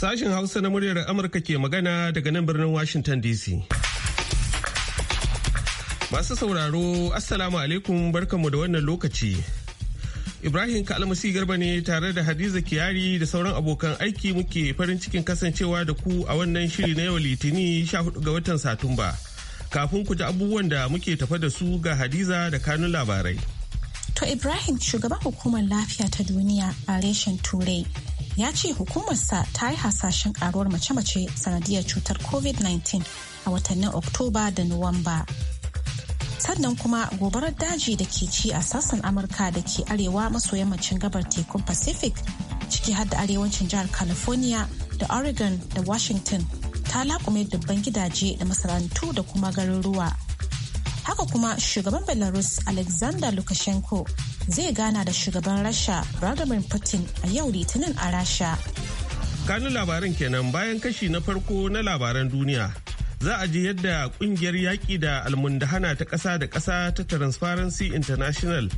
Sashen Hausa na muryar Amurka ke magana daga nan birnin Washington DC. Masu sauraro, Assalamu alaikum barkanmu da wannan lokaci. Ibrahim Kalmasi Garba ne tare da Hadiza Kiyari da sauran abokan aiki muke farin cikin kasancewa da ku a wannan shiri na yau Litini 14 ga watan Satumba. Kafin ku ji abubuwan da muke tafa da su ga Hadiza da kanun labarai. To Ibrahim shugaban hukumar lafiya ta duniya a reshen Turai ya ce hukumarsa ta yi hasashen karuwar mace-mace sanadiyar cutar covid-19 a watannin oktoba da nuwamba sannan kuma gobarar daji da ke ci a sassan amurka da ke arewa maso yammacin gabar tekun pacific ciki har da arewacin jihar california da oregon da washington ta laƙume dubban gidaje da masarantu da kuma garuruwa haka kuma shugaban belarus alexander lukashenko zai gana da shugaban rasha vladimir putin a yau litinin a rasha kanun labaran kenan bayan kashi na farko na labaran duniya za a ji yadda kungiyar yaƙi da almundahana ta ƙasa da ƙasa ta transparency international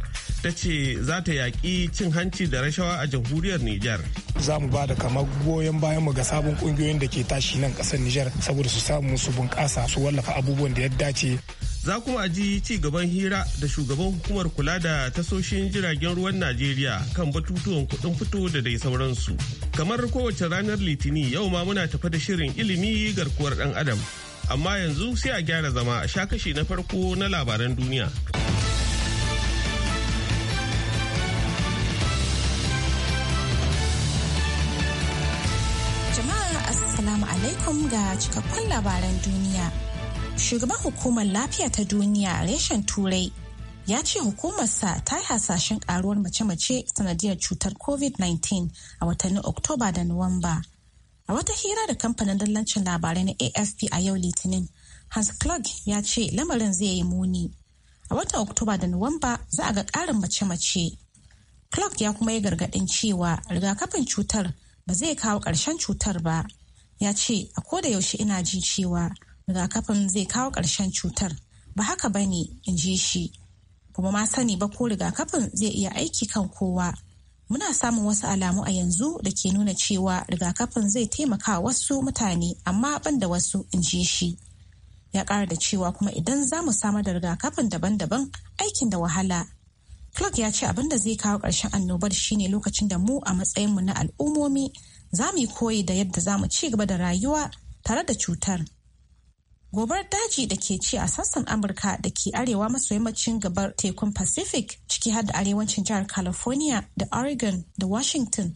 ta ce za ta yaƙi cin hanci da rashawa a jamhuriyar niger za mu ba da kamar goyon bayan mu ga sabon kungiyoyin da ke tashi nan ƙasar niger saboda su samu su bunƙasa su wallafa abubuwan da ya dace za kuma ji ci gaban hira da shugaban hukumar kula da tasoshin jiragen ruwan najeriya kan batutuwan kuɗin fito da dai sauransu kamar kowace ranar litini yau ma muna tafa da shirin ilimi garkuwar ɗan adam amma yanzu sai a gyara zama a sha kashi na farko na labaran duniya jama'a assalamu alaikum ga cikakkun labaran duniya shugaban hukumar lafiya ta duniya reshen turai ya ce hukumarsa ta yi hasashen karuwar mace-mace sanadiyar cutar covid-19 a watannin oktoba da nuwamba a wata hira da kamfanin dallancin labarai na afp a yau litinin hans clark ya ce lamarin zai yi muni a watan oktoba da nuwamba za a ga karin mace-mace clark ya kuma yi gargadin cewa rigakafin cutar ba zai kawo ƙarshen cutar ba ya ce a koda yaushe ina ji cewa rigakafin zai kawo ƙarshen cutar ba haka ba ne in ji shi kuma ma sani ba ko rigakafin zai iya aiki kan kowa muna samun wasu alamu a yanzu da ke nuna cewa rigakafin zai taimaka wasu mutane amma ban da wasu in ji shi ya ƙara da cewa kuma idan za mu samar da rigakafin daban-daban aikin da wahala clark ya ce abin da zai kawo ƙarshen annobar shine lokacin da mu a matsayinmu na al'ummomi za mu yi koyi da yadda za mu ci gaba da rayuwa tare da cutar gobar daji da ke ci a sassan amurka da ke arewa maso yammacin gabar tekun pacific ciki har da arewacin jihar california da oregon da washington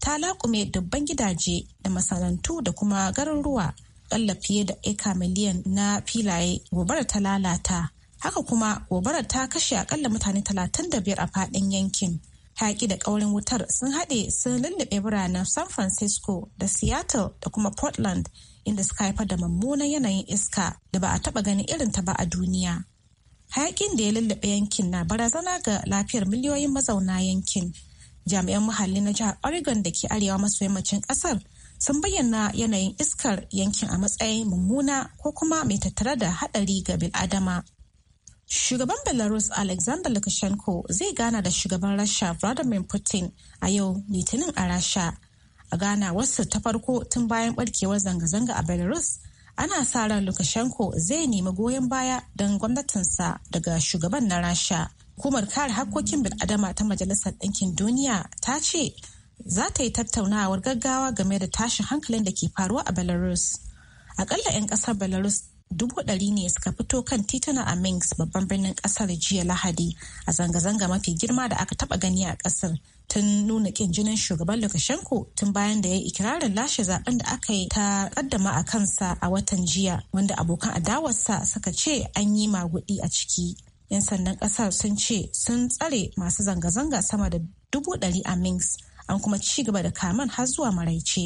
ta laƙume dubban gidaje da masarantu da kuma garuruwa ƙalla fiye da eka miliyan na filaye gobarar ta lalata haka kuma gobarar ta kashe akalla mutane 35 a faɗin yankin haƙi da ƙaurin wutar sun haɗe sun lullube biranen san francisco da seattle da kuma portland inda suka haifar da mummunan yanayin iska da ba a taba ganin irin ta ba a duniya. Hayakin da ya lullube yankin na barazana ga lafiyar miliyoyin mazauna yankin. Jami'an muhalli na jihar Oregon da ke arewa maso yammacin kasar sun bayyana yanayin iskar yankin a matsayin mummuna ko kuma mai tattare da hadari ga bil'adama. Shugaban Belarus Alexander Lukashenko zai gana da shugaban Rasha Vladimir Putin a yau Litinin a Rasha a wasu ta farko tun bayan barkewar zanga-zanga a belarus ana sa ran lukashenko zai nemi goyon baya don gwamnatinsa daga shugaban na rasha hukumar kare hakkokin bil'adama ta majalisar ɗinkin duniya ta ce za ta yi tattaunawar gaggawa game da tashin hankalin da ke faruwa a belarus akalla 'yan kasar belarus dubu ɗari ne suka fito kan tituna a minsk babban birnin ƙasar jiya lahadi a zanga-zanga mafi girma da aka taɓa gani a ƙasar tun nuna kin jinin shugaban Lukashenko tun bayan da ya yi ikirarin lashe zaben da aka yi ta kaddama a kansa a watan jiya wanda abokan adawarsa suka ce an yi magudi a ciki. 'Yan sandan kasar sun ce sun tsare masu zanga-zanga sama da dubu ɗari a Minsk an kuma ci gaba da kaman har zuwa maraice.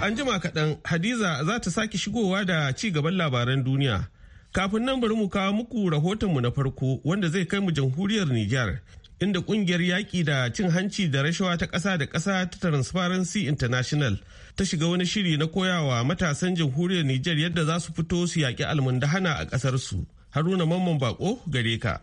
An jima kaɗan Hadiza za ta sake shigowa da ci gaban labaran duniya. Kafin nan bari mu kawo muku rahotonmu na farko wanda zai kai mu jamhuriyar Nijar inda kungiyar yaƙi da cin hanci da rashawa ta ƙasa da ƙasa ta Transparency International ta shiga wani shiri na koyawa matasan jamhuriyar Nijar yadda za su fito su yaƙi almundahana a ƙasarsu. Haruna Mamman Bako gare ka.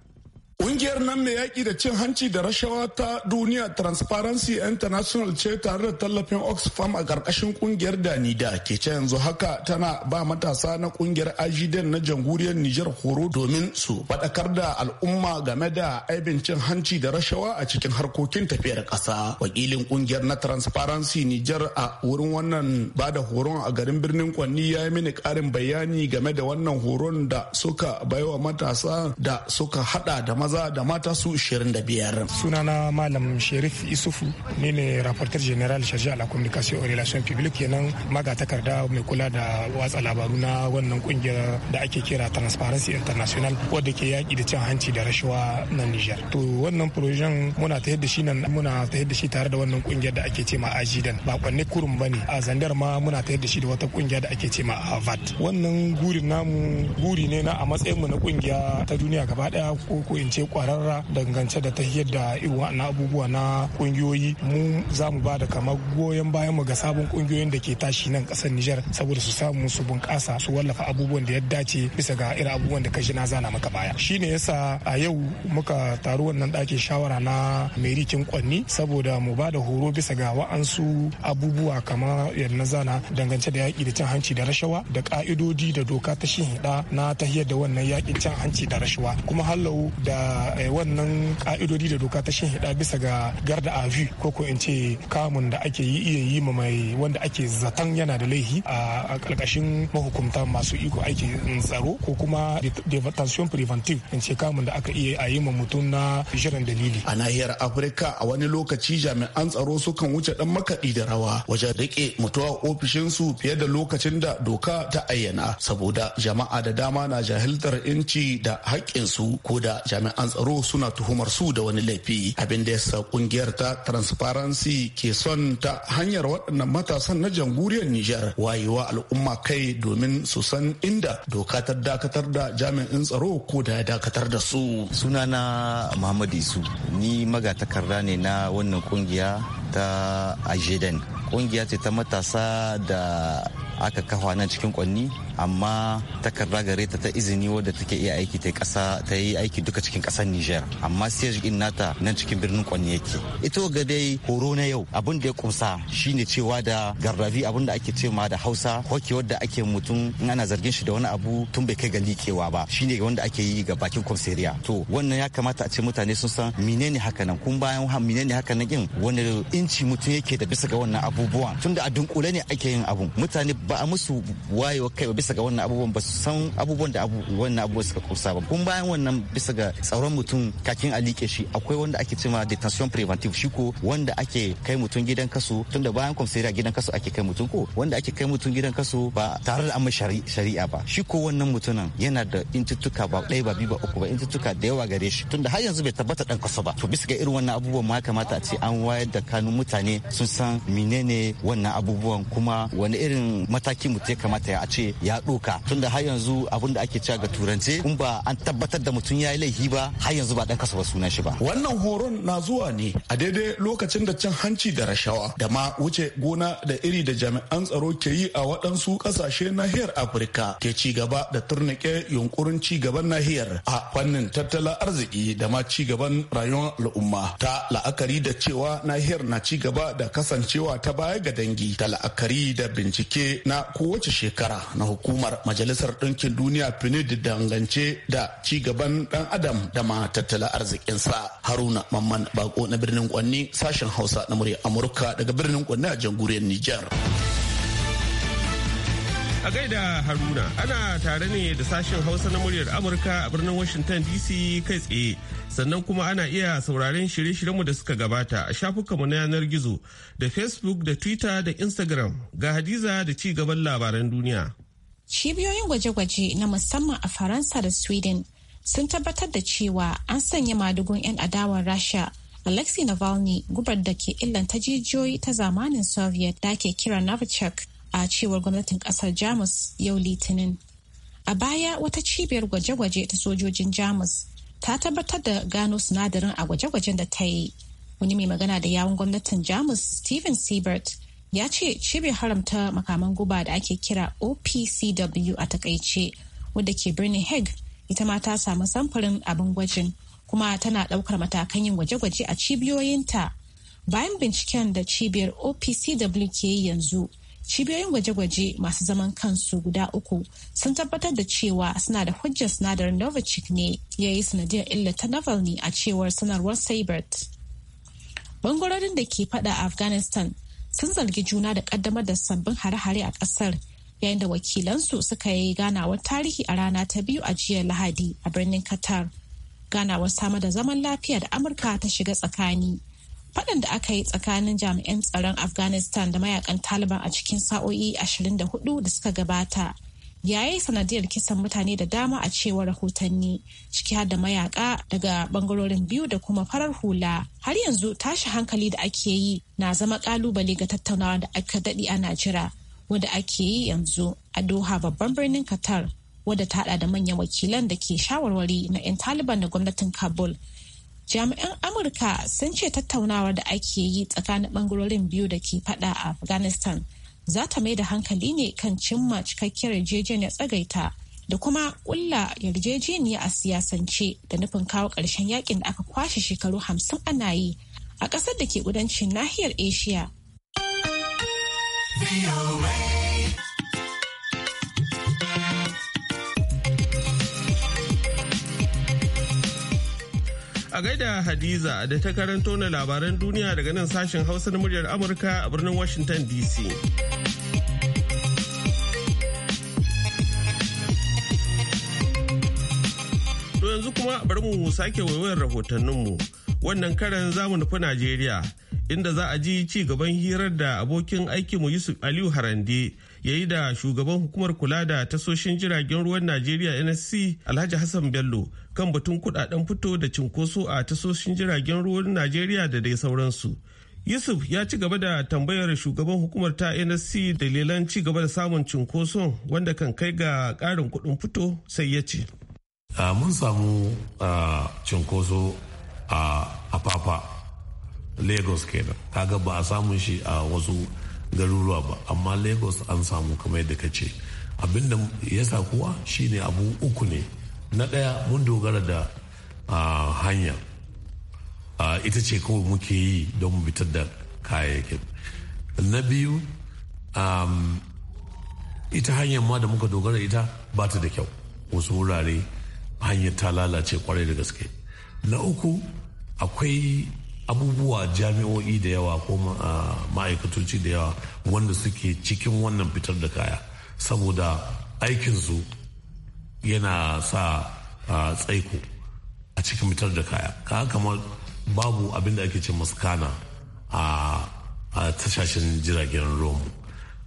Ƙungiyar nan mai yaƙi da cin hanci da rashawa ta duniya Transparency International ce tare da tallafin Oxfam a ƙarƙashin ƙungiyar Danida ke ce yanzu haka tana ba matasa na ƙungiyar Ajidan na jamhuriyar Nijar horo domin su faɗakar da al'umma game da aibin cin hanci da rashawa a cikin harkokin tafiyar ƙasa. Wakilin ƙungiyar na Transparency Nijar a wurin wannan ba da horon a garin birnin Kwanni ya yi mini ƙarin bayani game da wannan horon da suka baiwa matasa da suka haɗa da maza da mata su 25 sunana malam sherif isufu ne ne rapporteur general à la communication et relations publiques kenan magatakarda mai kula da watsa labaru na wannan kungiyar da ake kira transparency international wadda ke yaki da cin hanci da rashawa na niger to wannan projen muna ta yadda shi nan muna ta yadda shi tare da wannan kungiyar da ake ce ma ajidan ba kwanne kurum bane a zandar ma muna ta yadda shi da wata kungiya da ake ce ma avat wannan gurin namu guri ne na a matsayin mu na kungiya ta duniya gaba daya ko ko in ce kwararra dangance da tahiyar da na abubuwa na kungiyoyi mu za mu ba da kamar goyon bayan mu ga sabon kungiyoyin da ke tashi nan kasar Nijar saboda su samu su bunƙasa su wallafa abubuwan da ya dace bisa ga irin abubuwan da kashi na zana maka baya shine yasa a yau muka taru wannan ɗakin shawara na kin kwanni saboda mu ba da horo bisa ga wa'ansu abubuwa kamar yadda zana dangance da yaƙi da cin hanci da rashawa da ka'idodi da doka ta shi na tahiyar da wannan yaƙin cin hanci da rashawa kuma hallau da Eh, wannan ka'idodi da doka ta shan shinhida bisa ga garda avi ko ko in ce kamun da ake yi iya yi ma mai wanda ake zaton yana da laihi a ƙarƙashin mahukunta masu iko aiki tsaro ko kuma devastation preventive in ce kamun da aka iya yi ma mutum na jiran dalili a nahiyar afirka a wani lokaci jami'an tsaro sukan wuce dan makaɗi da rawa wajen riƙe mutuwa ofishin su fiye da lokacin da doka ta ayyana saboda jama'a da dama na jahiltar inci da haƙƙinsu ko da jami'an 'an tsaro suna tuhumar su da wani laifi abin da yasa kungiyar ta transparency ke son ta hanyar waɗannan matasan na jamhuriyar Nijar wayewa al'umma kai domin su san inda doka ta dakatar da jami'in tsaro ko da ya dakatar da su. Sunana Muhammad Isu ni magatakarda ne na wannan kungiya ta Ajeden. Kungiya ce ta matasa da aka kafa nan cikin kwanni amma takarda gare ta ta izini wadda take iya aiki ta kasa ta yi aiki duka cikin kasar Niger amma siege din nata nan cikin birnin kwanni yake ito ga dai horo na yau abun da ya kumsa shine cewa da garrafi abin da ake cewa da Hausa hoki wadda ake mutum in ana zargin shi da wani abu tun bai kai ga likewa ba shine wanda ake yi ga bakin komseriya to wannan ya kamata a ce mutane sun san menene haka nan kun bayan menene haka nan wani inci mutum yake da bisa ga wannan abubuwan tunda a dunkule ne ake yin abun mutane ba a musu wayewa kai bisa ga wannan abubuwan ba su san abubuwan da wannan abubuwan suka kusa ba kun bayan wannan bisa ga tsaron mutum kakin a liƙe shi akwai wanda ake cewa detention preventive shi ko wanda ake kai mutum gidan kaso tun da bayan kwamsariya gidan kaso ake kai mutum ko wanda ake kai mutum gidan kaso ba tare da amma shari'a ba shi ko wannan mutumin yana da intuttuka ba ɗaya ba biyu ba uku ba intuttuka da yawa gare shi tunda har yanzu bai tabbata dan kaso ba to bisa ga irin wannan abubuwan ma kamata a ce an wayar da kanun mutane sun san menene wannan abubuwan kuma wani irin mataki mutum ya kamata ya ce ya tun tunda har yanzu abin da ake cewa ga turance kun ba an tabbatar da mutum ya yi laifi ba har yanzu ba dan kasa ba sunan shi ba. Wannan horon na zuwa ne a daidai lokacin da cin hanci da rashawa da ma wuce gona da iri da jami'an tsaro ke yi a waɗansu ƙasashe nahiyar Afirka ke ci gaba da turnike yunkurin ci gaban nahiyar a fannin tattalin arziki da ma ci gaban rayuwar al'umma ta la'akari da cewa nahiyar na ci gaba da kasancewa ta baya ga dangi ta la'akari da bincike na kowace shekara na hukumar majalisar ɗinkin duniya da dangance da ci gaban ɗan adam da ma tattalin arzikinsa haruna mamman bako na birnin kwanni sashen hausa na murya amurka daga birnin kwanni a jamhuriyar nijar. A gaida Haruna ana tare ne da sashen Hausa na muryar Amurka a birnin Washington DC kai tsaye sannan kuma ana iya sauraren shirye-shiryenmu da suka gabata a mu na yanar gizo da Facebook da Twitter da Instagram ga Hadiza da ci gaban labaran duniya. Cibiyoyin gwaje-gwaje na musamman a Faransa da Sweden sun tabbatar da cewa an sanya madugun 'yan adawar Rasha Alexei Navalny gubar da ke illanta jijiyoyi ta zamanin Soviet da ke kira Novichok a cewar gwamnatin kasar jamus yau litinin a baya wata cibiyar gwaje-gwaje ta sojojin jamus ta tabbatar da gano sinadarin a gwaje-gwajen da ta yi wani mai magana da yawon gwamnatin jamus steven siebert ya ce cibiyar haramta makaman guba da ake kira opcw a takaice wadda ke birnin hague ita ma ta samu samfurin abin gwajin kuma tana daukar matakan yin gwaje-gwaje a cibiyoyinta bayan binciken da cibiyar opcw ke yi yanzu cibiyoyin gwaje-gwaje masu zaman kansu guda uku sun tabbatar da cewa suna da hujjar sinadarin novichok ne ya yi sanadiyar illata navalny a cewar sanarwar sabert bangarorin da ke fada afghanistan sun zargi juna da kaddamar da sabbin hare-hare a kasar yayin da wakilansu suka yi ganawar tarihi a rana ta biyu a jiya lahadi a birnin qatar ganawar samar da zaman lafiya da amurka ta shiga tsakani faɗan da aka yi tsakanin jami'an tsaron afghanistan da mayakan taliban a cikin sa'o'i 24 da suka gabata ya yi sanadiyar kisan mutane da dama a cewar rahotanni ciki har da mayaka daga bangarorin biyu da kuma farar hula har yanzu tashi hankali da ake yi na zama kalubale ga tattaunawa da aka daɗi a jira wanda ake yi yanzu a doha babban birnin qatar wadda ta hada da manyan wakilan da ke shawarwari na 'yan taliban da gwamnatin kabul jami'an amurka sun ce tattaunawar da ake yi tsakanin bangarorin biyu da ke fada a afghanistan za ta mai da hankali ne kan cimma cikakkiyar yarjejeniyar tsagaita da kuma kulla yarjejeniya a siyasance da nufin kawo ƙarshen yakin da aka kwashe shekaru hamsin ana yi a ƙasar da ke kudancin nahiyar asia. A gaida Hadiza da ta karanto na labaran duniya daga nan sashen Hausa na muryar Amurka a birnin Washington DC. To yanzu kuma bari mu sake waiwayar rahotanninmu. Wannan karan zamu nufi Najeriya, inda za a ji ci gaban hirar da abokin aikinmu Yusuf Aliyu Harande Yayi da shugaban hukumar kula da tasoshin jiragen ruwan najeriya nsc alhaji hassan bello kan batun kudaden fito da cinkoso a tasoshin jiragen ruwan najeriya da dai sauransu yusuf ya ci gaba da tambayar shugaban hukumar ta nsc dalilan ci gaba da samun cinkoson wanda kan kai ga karin kudin fito sai ya ce mun samu cinkoso a papa lagos kenan kaga ba a samun shi a wasu garuruwa ba amma lagos an samu kamar yadda ka ce abinda ya sa kuwa shine abu uku ne na ɗaya mun dogara da hanya ita ce kawai muke yi don mu fitar da kayayyakin na biyu ita hanyar ma da muka dogara ita ba ta da kyau wasu wurare hanyar ta lalace kwarai da gaske na uku akwai abubuwa jami'o'i da yawa ko ma'aikatoci da yawa wanda suke cikin wannan fitar da kaya saboda aikin su yana sa tsaiko a cikin fitar da kaya ka kamar babu abin da ake ce muskana a tashashen jiragen romu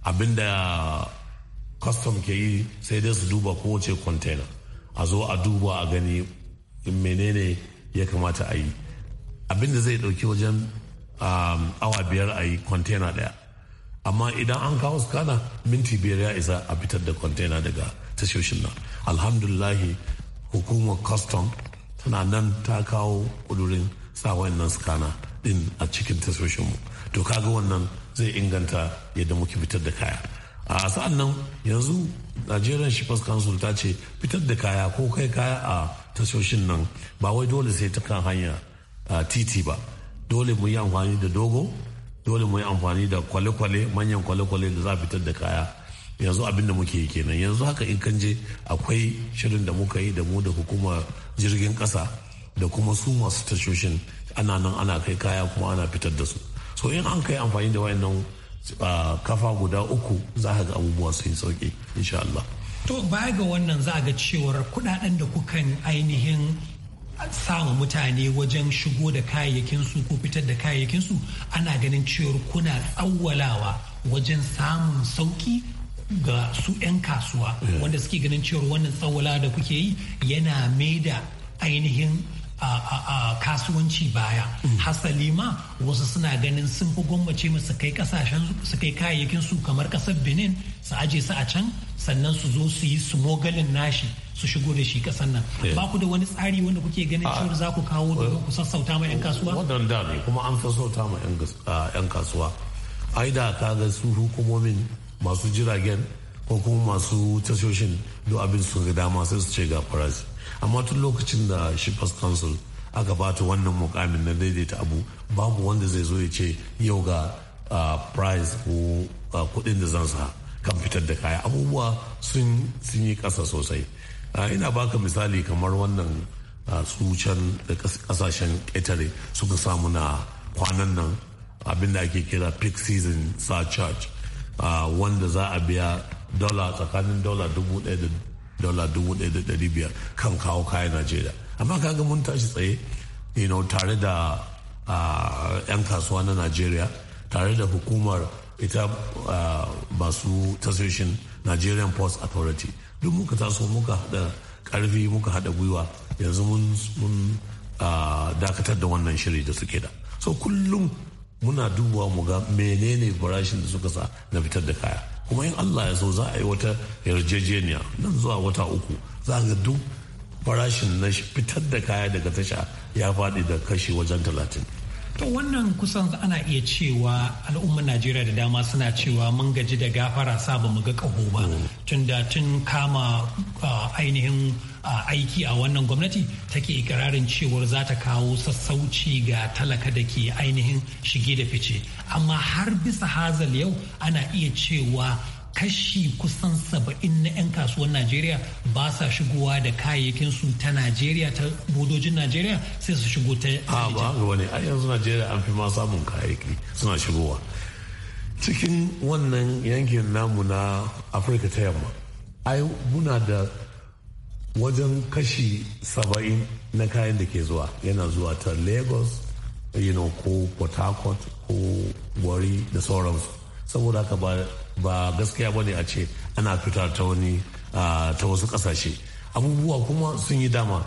abin da kwastam ke yi sai dai su duba kowace kwantena a zo a duba a gani menene ya kamata a yi abinda zai dauki wajen um, awa biyar a yi kwantena daya amma idan an kawo su kana minti biyar ya isa a fitar da kwantena daga tashoshin nan alhamdulahi hukumar custom tana nan ta kawo kudurin sa wayannan skana din a cikin tashoshinmu to kaga wannan zai inganta yadda muke fitar da kaya a sa'an nan yanzu nigerian shippers council ta ce fitar da kaya ko kai kaya a tashoshin nan ba wai dole sai ta kan hanya titi ba dole mu yi amfani da dogo dole mu yi amfani da kwale-kwale manyan kwale-kwale da za a fitar da kaya yanzu abin da muke yi kenan yanzu haka in kan je akwai shirin da muka yi da mu da hukumar jirgin kasa da kuma su masu tashoshin ana nan ana kai kaya kuma ana fitar da su so in an kai amfani da wayannan kafa guda uku za ka ga abubuwa su yi sauki insha Allah to baya ga wannan za ga cewar kuɗaɗen da kukan ainihin samun mutane wajen shigo da kayayyakinsu ko fitar da kayayyakinsu ana ganin cewar kuna tsawwalawa wajen samun sauki ga su 'yan kasuwa wanda suke ganin cewar wannan tsawala da kuke yi yana maida ainihin a kasuwanci baya mm. hasali ma wasu suna ganin sun fi gwammace su kai kasashen su kai kayayyakin su kamar kasar benin su aje su a can sannan su zo su yi smogalin nashi su shigo da shi kasan nan ba ku da wani tsari wanda kuke ganin ah. cewar za ku kawo da ku sassauta ma 'yan kasuwa wannan da ne kuma an sassauta ma 'yan ah, kasuwa ai da ga su hukumomin masu jiragen ko kuma masu tashoshin duk abin sun ga dama sai su ce ga farasi amma tun lokacin da shippers council aka bata wannan mukamin na daidaita abu babu wanda zai zo ya ce yau ga price ko kudin da zan sa kan fitar da kaya abubuwa sun yi kasa sosai ina baka misali kamar wannan su can da kasashen ƙetare suka samu na kwanan nan da ake kira peak season surcharge wanda za a biya dola tsakanin dola dubu ɗaya da dola dubu ɗaya da ɗari biyar kan kawo kayan najeriya amma kaga mun tashi tsaye you know, tare da yan kasuwa na najeriya tare da hukumar ita masu tasoshin nigerian post authority duk muka taso muka haɗa ƙarfi muka haɗa gwiwa yanzu mun dakatar da wannan shiri da suke da so kullum muna dubawa mu ga menene farashin da suka sa na fitar da kaya kuma in allah ya so za a yi wata yarjejeniya nan zuwa wata uku za ga duk farashin na fitar da kaya daga tasha ya faɗi da kashi wajen talatin To wannan kusan ana iya cewa al'ummar Najeriya da dama suna cewa mun gaji da gafara sa ba mu ga ƙaho ba mm. tun da tun kama ainihin aiki a wannan gwamnati take ikirarin cewar za ta kawo sassauci ga talaka da ke ainihin shige da fice amma har bisa hazal yau ana iya cewa kashi kusan saba'in na 'yan kasuwan najeriya ba sa shigowa da kayayyakinsu ta najeriya ta bodojin najeriya sai su shigo ta a ba ga wani a yanzu najeriya an fi ma samun kayayyaki suna shigowa cikin wannan yankin namu na afirka ta yamma ai muna da wajen kashi saba'in na kayan da ke zuwa yana zuwa ta lagos you ko port harcourt ko gwari da sauransu saboda haka ba gaskiya ba ne a ce ana fita ta wani ta wasu kasashe abubuwa kuma sun yi dama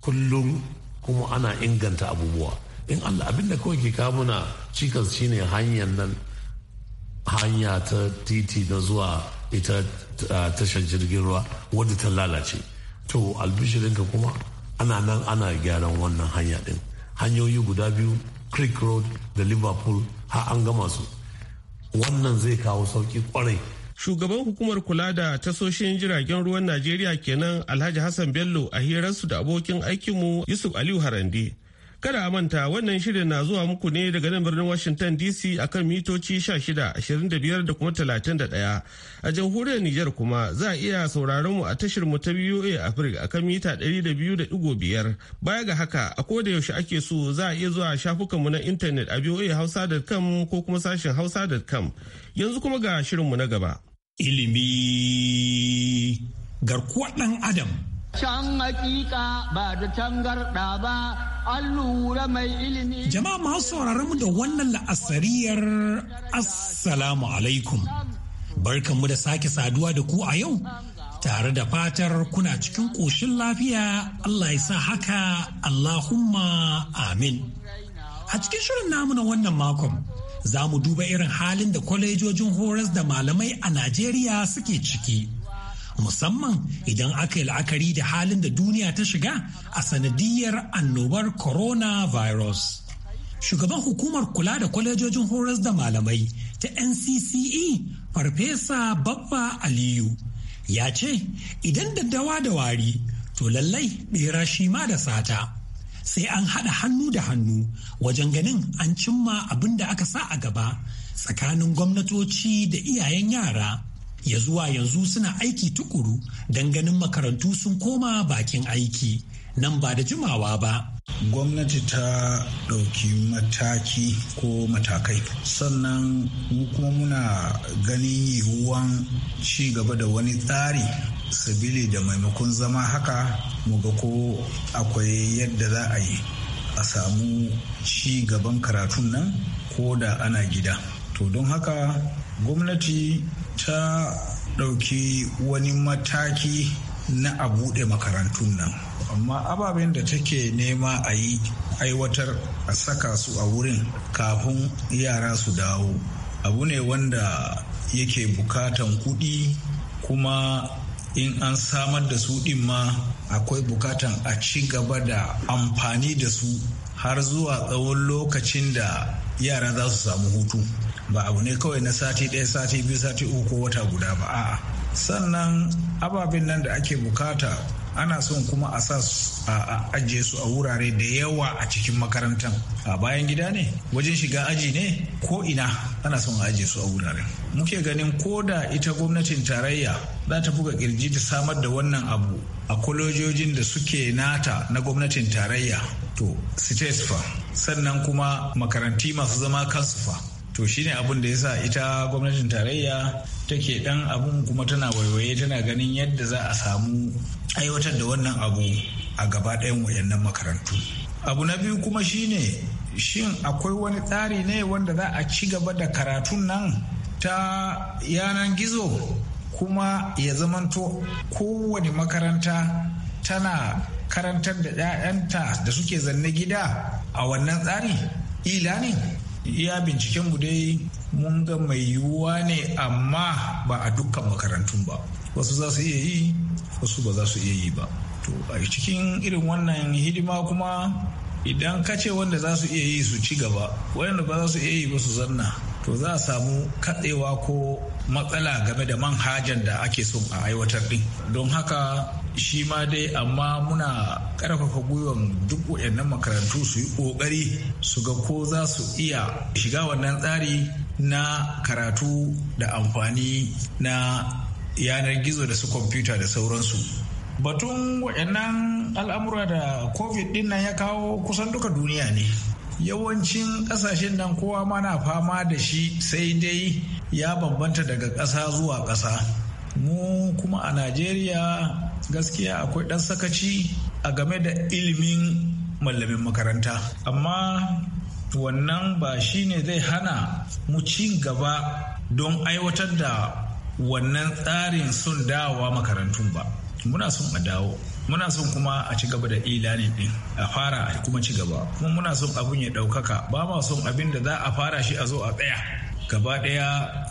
kullum kuma ana inganta abubuwa in allah da kawai ke kamuna cikas shine hanyar nan hanya ta titi na zuwa ita tashar jirgin ruwa wadda ta lalace to albishirinka kuma ana nan ana gyaran wannan hanya din hanyoyi guda biyu creek road da liverpool har an gama su wannan zai kawo sauki kwarai shugaban hukumar kula da tasoshin jiragen ruwan najeriya kenan alhaji hassan bello a hirarsu da abokin aikinmu yusuf aliyu harande Kada a manta wannan shirin na zuwa muku ne daga nan birnin Washington DC akan mitoci 16, 25 da kuma 31. A jamhuriyar Nijar kuma za a iya sauraron mu a tashar mu ta VOA Africa akan mita 200.5. Baya ga haka a koda yaushe ake so za a iya zuwa shafukanmu na intanet a voahausa.com ko kuma sashen hausa.com. Yanzu kuma ga shirin mu na gaba. Ilimi garkuwar ɗan Adam. Can hakika ba da tangarɗa ba, an lura mai ilimi. Jama'a masu sauraron mu da wannan la'asariyar Assalamu alaikum. Barkanmu da sake saduwa da ku a yau, tare da fatar kuna cikin ƙoshin lafiya Allah ya sa haka Allahumma amin. A cikin shirin namu na wannan makon, za mu duba irin halin da kwalejojin horas da malamai a Najeriya suke ciki. musamman idan aka yi la'akari da halin da duniya ta shiga a sanadiyar annobar coronavirus. Shugaban hukumar kula da kwalejojin horas da malamai ta NCCE Farfesa Babba Aliyu ya ce idan daddawa da wari to lallai bera shi ma da sata. Sai an haɗa hannu da hannu wajen ganin an cimma abin da aka sa a gaba tsakanin gwamnatoci da iyayen yara. ya zuwa yanzu suna aiki tukuru don ganin makarantu sun koma bakin aiki nan ba da jimawa ba. Gwamnati ta ɗauki mataki ko matakai sannan kuma muna ganin yiwuwan ci gaba da wani tsari sabili da maimakon zama haka mu ga ko akwai yadda za a yi a samu ci gaban karatun nan ko da ana gida. To don haka gwamnati ta ɗauki wani mataki na a buɗe makarantun nan amma ababen da take nema a yi aiwatar a saka su a wurin kafin yara su dawo abu ne wanda yake bukatan kuɗi kuma in an samar da su ɗin ma akwai bukatan a ci gaba da amfani da su har zuwa tsawon lokacin da yara za su samu hutu ba abu ne kawai na sati ɗaya sati biyu sati uku ko wata guda ba a'a sannan ababen nan da ake bukata ana son kuma a sa a ajiye su a wurare da yawa a cikin makarantar a bayan gida ne wajen shiga aji ne ko ina ana son a ajiye su a wurare. muke ganin ko da ita gwamnatin tarayya za ta buga kirji ta samar da wannan abu a kwalejojin da suke nata na gwamnatin tarayya to state fa sannan kuma makaranti masu zama kansu fa to shine abin da yasa ita gwamnatin tarayya take dan abun kuma tana waiwaye tana ganin yadda za a samu aiwatar da wannan abu a gaba ɗayan wayannan makarantu abu na biyu kuma shine shin akwai wani tsari ne wanda za a ci gaba da karatun nan ta yanan gizo kuma ya zamanto kowane makaranta tana karantar da 'ya'yanta da suke zanne gida a wannan tsari ila ne iya binciken mu dai mun ga mai yiwuwa ne amma ba a dukkan makarantun ba wasu za su iya yi wasu ba za su iya yi ba to a cikin irin wannan hidima kuma idan ka ce wanda za su iya yi su ci gaba wanda ba za su iya yi ba su zanna to za a samu katsewa ko matsala game da manhajan da ake son a aiwatar din don haka shi ma dai amma muna karfafa gwiwan duk waɗannan makarantu su yi ƙoƙari su ga ko za su iya shiga wannan tsari na karatu da amfani na yanar gizo da su kwamfuta da sauransu batun waɗannan al'amura da covid ɗin nan ya kawo kusan duka duniya ne yawancin ƙasashen nan kowa ma na fama da shi sai dai ya bambanta daga ƙasa zuwa ƙasa mu kuma a najeriya gaskiya akwai ɗan sakaci a game da ilimin mallamin makaranta amma wannan ba shine zai hana mu ci gaba don aiwatar da wannan tsarin sun dawowa makarantun ba muna son a dawo muna son kuma a ci gaba da ilani din a fara a kuma ci gaba kuma muna son abin ya ɗaukaka ba ma son abin da za a fara shi a zo a tsaya gaba ɗaya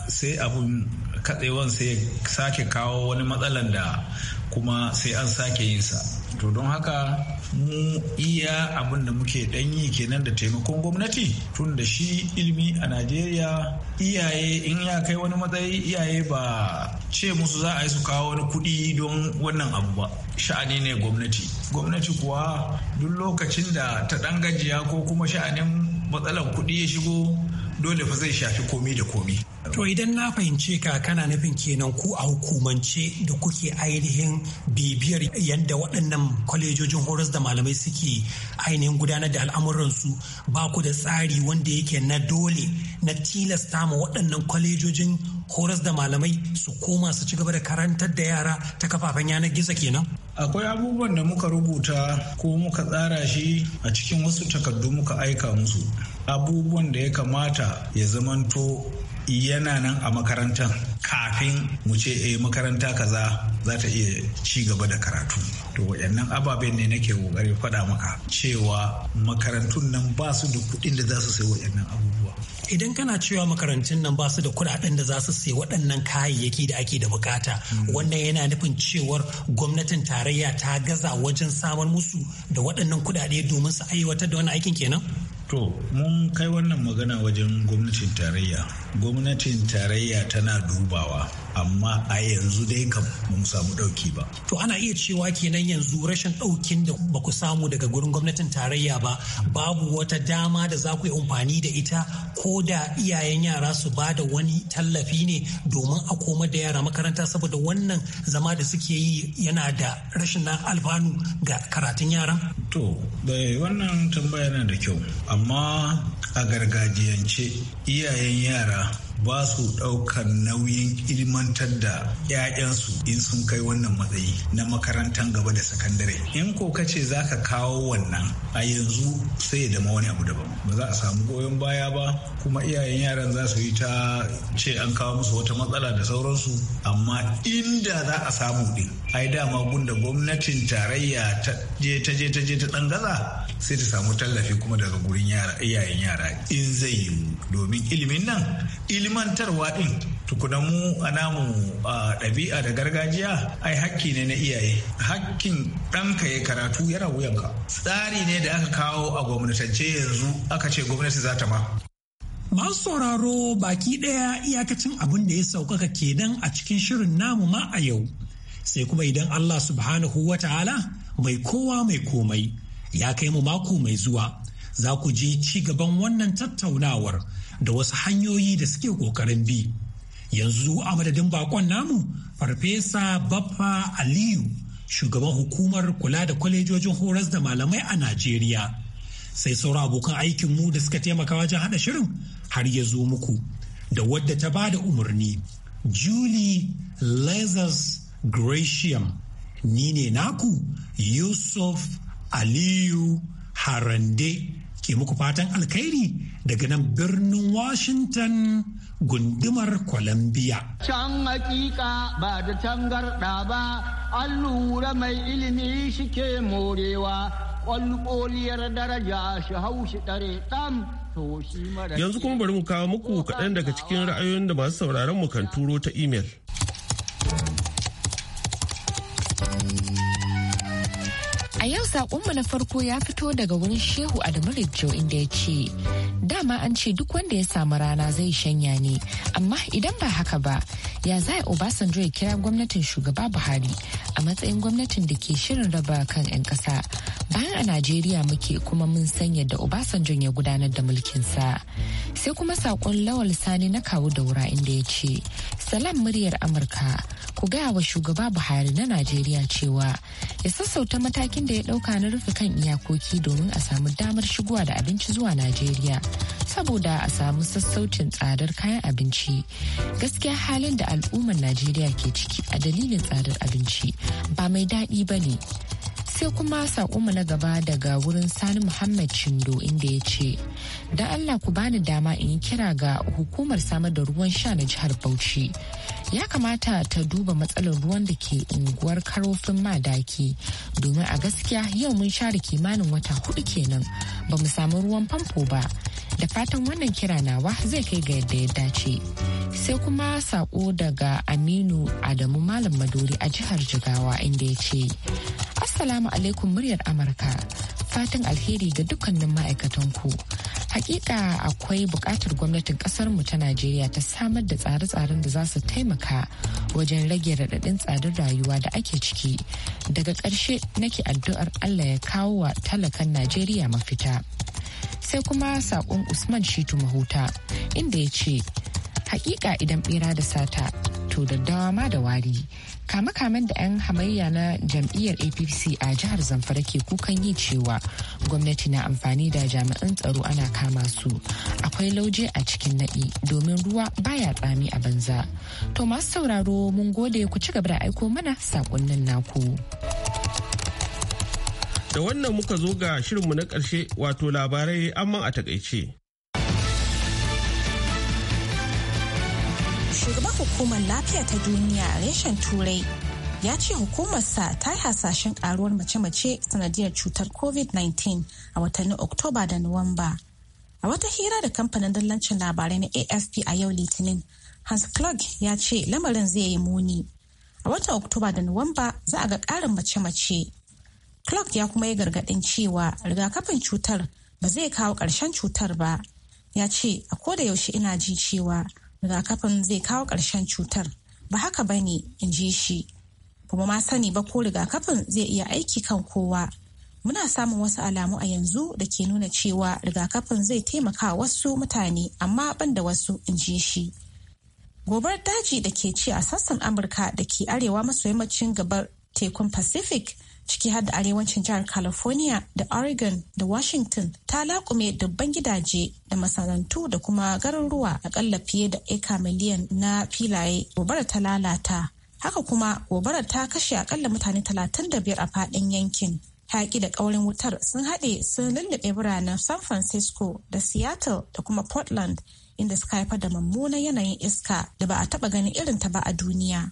sai abin katsewan sai sake kawo wani matsalan da kuma sai an sake yin sa to don haka mu iya abin da muke yi kenan da taimakon gwamnati tun da shi ilimi a najeriya iyaye in ya kai wani matsayi iyaye ba ce musu za a yi su kawo wani kuɗi don wannan abu ba sha'ani ne gwamnati gwamnati kuwa duk lokacin da ta ɗan gajiya ko kuma sha'anin matsalar kuɗi ya shigo dole fa zai shafi komi da komi To idan na fahimce ka kana nufin kenan ku a hukumance da kuke ainihin bibiyar yadda waɗannan kwalejojin horas da malamai suke ainihin gudanar da al'amuransu ba ku da tsari wanda yake na dole na tilasta ma waɗannan kwalejojin horas da malamai su koma su ci gaba da karantar da yara ta kafafen yanar gizo kenan? akwai abubuwan da muka rubuta ko muka tsara shi a cikin wasu takardu muka aika musu abubuwan da ya kamata ya zamanto yana nan a makarantar kafin mu ce e makaranta kaza za ta iya ci gaba da karatu to waɗannan ababen ne nake kokari faɗa maka cewa makarantun nan ba su da kuɗin da za su sayi waɗannan abubuwa idan kana cewa makarantun nan ba su da kuɗaɗen da za su sayi waɗannan kayayyaki da ake da bukata hmm. wannan yana nufin cewar gwamnatin tarayya ta gaza wajen samar musu da waɗannan kuɗaɗe domin su aiwatar da wani aikin kenan To, mun kai wannan magana wajen gwamnatin tarayya. Gwamnatin tarayya tana dubawa. amma a yanzu dai kam ba mu samu ɗauki ba. To ana iya cewa kenan yanzu rashin ɗaukin da ba ku samu daga gurin gwamnatin tarayya ba babu wata dama da za ku yi amfani da ita ko da iyayen yara su ba da wani tallafi ne domin a koma da yara makaranta saboda wannan zama da suke yi yana da rashin na alfanu ga karatun yara? To, eh, wannan tambaya yana da kyau amma a gargajiyance iyayen yara ba su ɗaukar nauyin ilmantar da 'ya'yansu in sun kai wannan matsayi na makarantar gaba da sakandare in ko ka za ka kawo wannan a yanzu sai ya dama wani abu daban ba za a samu goyon baya ba kuma iyayen yaran za su yi ta ce an kawo musu wata matsala da sauransu amma inda za a samu din ai dama gunda gwamnatin tarayya ta je ta je ta je ta dan gaza sai ta samu tallafi kuma daga gurin yara iyayen yara in zai yiwu domin ilimin nan ilimin ilmantarwa ɗin tukuna mu a namu ɗabi'a da gargajiya ai hakki ne na iyaye hakkin ɗanka ya karatu yana wuyanka tsari ne da aka kawo a gwamnatance yanzu aka ce gwamnati za ta ma Masu sauraro baki ɗaya iyakacin abin da ya sauƙaƙa kenan a cikin shirin namu ma a yau. Sai kuma idan Allah subhanahu wa ta'ala mai kowa mai komai ya kai mu mako mai zuwa za ku ji ci gaban wannan tattaunawar da wasu hanyoyi da suke ƙoƙarin bi. Yanzu a madadin bakon namu, Farfesa Baffa Aliyu, shugaban hukumar kula da kwalejojin horas da malamai a Najeriya. Sai sauran abokan aikinmu da suka taimaka wajen haɗa shirin har ya zo muku da wadda ta ba da umarni. Julie Lazarus Gratiam, ni ne naku Yusuf Aliyu Harande. ke muku fatan alkhairi daga nan birnin Washington gundumar Columbia. Can hakika ba da tangarda ba, an lura mai ilimi shike morewa, ƙwalƙoliyar daraja shi haushi ɗare ɗan. Yanzu kuma bari mu kawo muku kaɗan daga cikin ra'ayoyin da masu sauraron mu kan turo ta imel. Sakonmu na farko ya fito daga wurin Shehu Adamu Rijjo inda ya ce, Dama an ce duk wanda ya samu rana zai shanya ne, amma idan ba haka ba, ya za Obasanjo ya kira gwamnatin shugaba Buhari a matsayin gwamnatin da ke shirin raba kan 'yan ƙasa. Bayan a Najeriya muke kuma mun san yadda Obasanjo ya gudanar da mulkin sa Sai kuma saƙon Lawal Sani na kawo daura inda ya ce, Salam muryar Amurka. ku gaya wa shugaba buhari na najeriya cewa ya sassauta matakin da ya dauka na rufe kan iyakoki domin a samu damar shigowa da abinci zuwa najeriya saboda a samu sassaucin tsadar kayan abinci gaskiya halin da al'ummar najeriya ke ciki a dalilin tsadar abinci ba mai daɗi ba ne sai kuma mu na gaba daga wurin sani muhammad shindo inda ya ce da allah ku bani dama in yi kira ga hukumar samar da ruwan sha na jihar bauchi ya kamata ta duba matsalar ruwan da ke unguwar karofin madaki domin a gaskiya yau mun share kimanin wata hudu kenan ba mu samu ruwan famfo ba da fatan wannan kira nawa zai kai ga yadda ya dace sai kuma sako daga aminu adamu malam maduri a jihar jigawa inda ya ce assalamu alaikum muryar amurka fatan alheri ga dukkanin ma'aikatan ku. hakika akwai bukatar gwamnatin mu ta najeriya ta samar da tsare-tsaren da za su taimaka wajen rage raɗaɗin tsadar rayuwa da ake ciki daga ƙarshe nake addu'ar allah ya kawo wa talakan najeriya mafita sai kuma sakon usman shitu mahuta inda ya ce hakika idan bera da sata to daddawa ma da wari kame-kamen da 'yan hamayya na jam'iyyar apc a jihar zamfara ke kukan yi cewa gwamnati na amfani da jami'an tsaro ana kama su akwai lauje a cikin naɗi domin ruwa baya tsami a banza to masu sauraro mun gode ku ci gaba da aiko mana saƙonnin naku. Da wannan muka zo ga shirinmu na ƙarshe wato labarai amma a takaice. Shugaban hukumar lafiya ta duniya reshen turai ya ce hukumarsa ta yi hasashen karuwar mace-mace sanadiyar cutar covid-19 a watannin oktoba da nuwamba a wata hira da kamfanin dallancin labarai na afp a yau litinin hans klug ya ce lamarin zai yi muni a watan oktoba da nuwamba za a ga karin mace-mace Clark ya kuma yi gargaɗin cewa rigakafin cutar ba zai kawo ƙarshen cutar ba. Ya ce, a koda yaushe ina ji cewa rigakafin zai kawo ƙarshen cutar. Ba haka ba ne, in ji shi. Kuma ma sani ba ko rigakafin zai iya aiki kan kowa. Muna samun wasu alamu a yanzu da ke nuna cewa rigakafin zai taimaka wasu mutane amma ban da wasu, in ji shi. Gobar daji da ke ci a sassan Amurka da ke arewa maso yammacin gabar tekun Pacific ciki har da arewacin jihar California da Oregon da Washington ta laƙume dubban gidaje da masarantu da kuma garuruwa akalla fiye da eka miliyan na filaye gobara ta lalata. Haka kuma gobara ta kashe aƙalla mutane 35 a faɗin yankin. haƙi da ƙaurin wutar sun haɗe sun lullube biranen San Francisco da Seattle da kuma Portland inda suka haifar da mummunan yanayin iska da ba a taɓa ganin irin ta ba a duniya.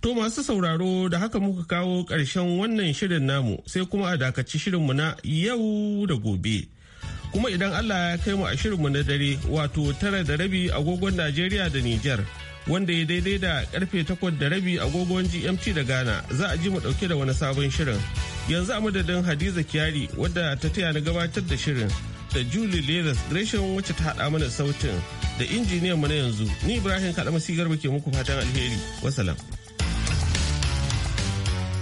To masu sauraro da haka muka kawo ƙarshen wannan shirin namu sai kuma a dakaci shirinmu na yau da gobe. Kuma idan Allah ya kai mu a shirinmu na dare wato tara da rabi agogon Najeriya da Nijar wanda ya daidai da karfe takwas da rabi agogon GMT da Ghana za a ji mu ɗauke da wani sabon shirin. Yanzu a madadin Hadiza Kyari wadda ta taya na gabatar da shirin da Julie Leathers Gresham wacce ta haɗa mana sautin da injiniyan mu na yanzu ni Ibrahim Kaɗa Garba ke muku fatan alheri. Wasalam.